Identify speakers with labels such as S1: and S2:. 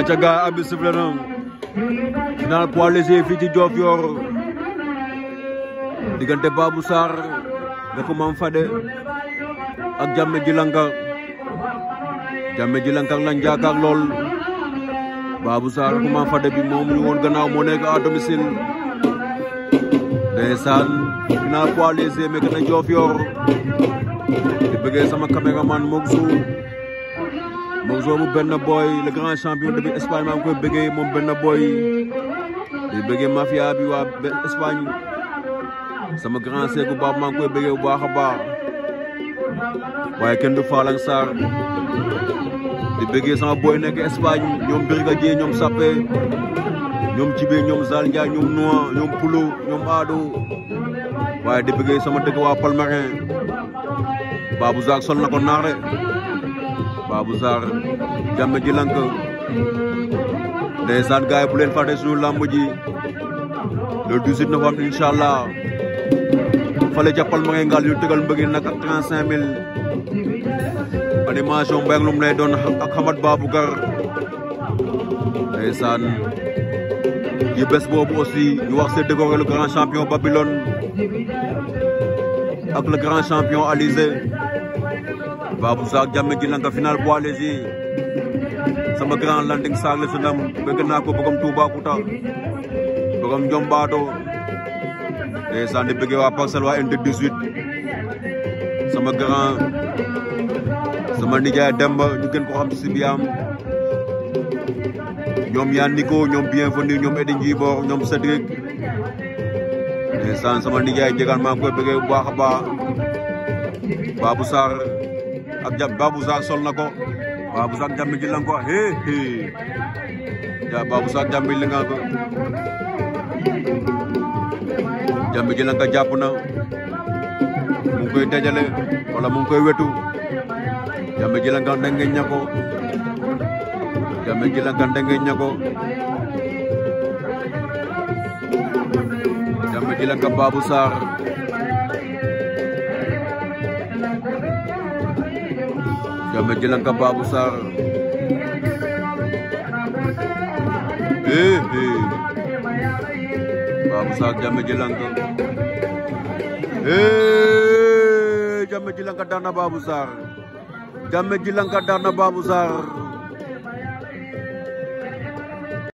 S1: aca ga abi sifle na final poids léger diggante Babou Sarr nga ko ak Jammeh Djilanka Jammeh Djilanka lañ jaakaar lool Babou Sarr ko Mame bi moom ñu woon gannaaw moo nekk à domicile ndeysaan final poids léger mekke na Diofior di bëggee sama caméraman Mozo bu benn boy le grand champion depuis Espagne maa ngi koy bëggee moom benn boy di bëggee mafia bi waa Espagne sama grand seegu baab maa ngi koy bëggee bu baax a baax waaye kenn du Falang Sarr di bëggee sama boy nekk Espagne ñoom Brigadier ñoom Sappe ñoom Jibe ñoom Zal Ndiaye ñoom Noa ñoom Pulo ñoom Ado waaye di bëggee sama dëkk waa Palmarin Babou Zak sol na ko naare Babou Sarr jàmm ji lank ndeysaan gaay bu leen fàtte suñu làmb ji le 18 novembre incha allah fale jàppal ma ngay ngal ñu tëgal mbëggeel nag ak 35000 animation Mbayang Loum lay doon ak Hamad Baboucar ndeysaan yi bés boobu aussi ñu wax c'est décoré le grand champion Babylone ak le grand champion Alizé Babou Sarr Diamé Dji Lanka final poids léger sama grand Landing Sarr la sunam bëgg naa ko bëggam Toubacouta bëggam Ndiombato ndeysaan di bëgg waa Parcelles waa unité 18 sama grand sama nijaay Demba ñu gën ko xam ci Sibiam ñoom Yann Nico ñoom bienvenue ñoom Edou Njibor ñoom Cédric ndeysaan sama nijaay Njëgaan maa ngi koy bëggee bu baax a baax Babou ak jam babu Zane sol nako babu Babou jam bi lan ko he he ja Babou Zane jambi li nga ko jam bi na ka japp na mu koy dajale wala mu koy wetu jam bi lan ka ndengeñ nyako jam bi lan ka ko nyako jam bi lan ka babu ko Udah menjelang ke bawah besar. Eh, eh. Bawah besar jam menjelang ke... Eh, jam menjelang ke dana bawah besar. Jam menjelang ke dana bawah besar.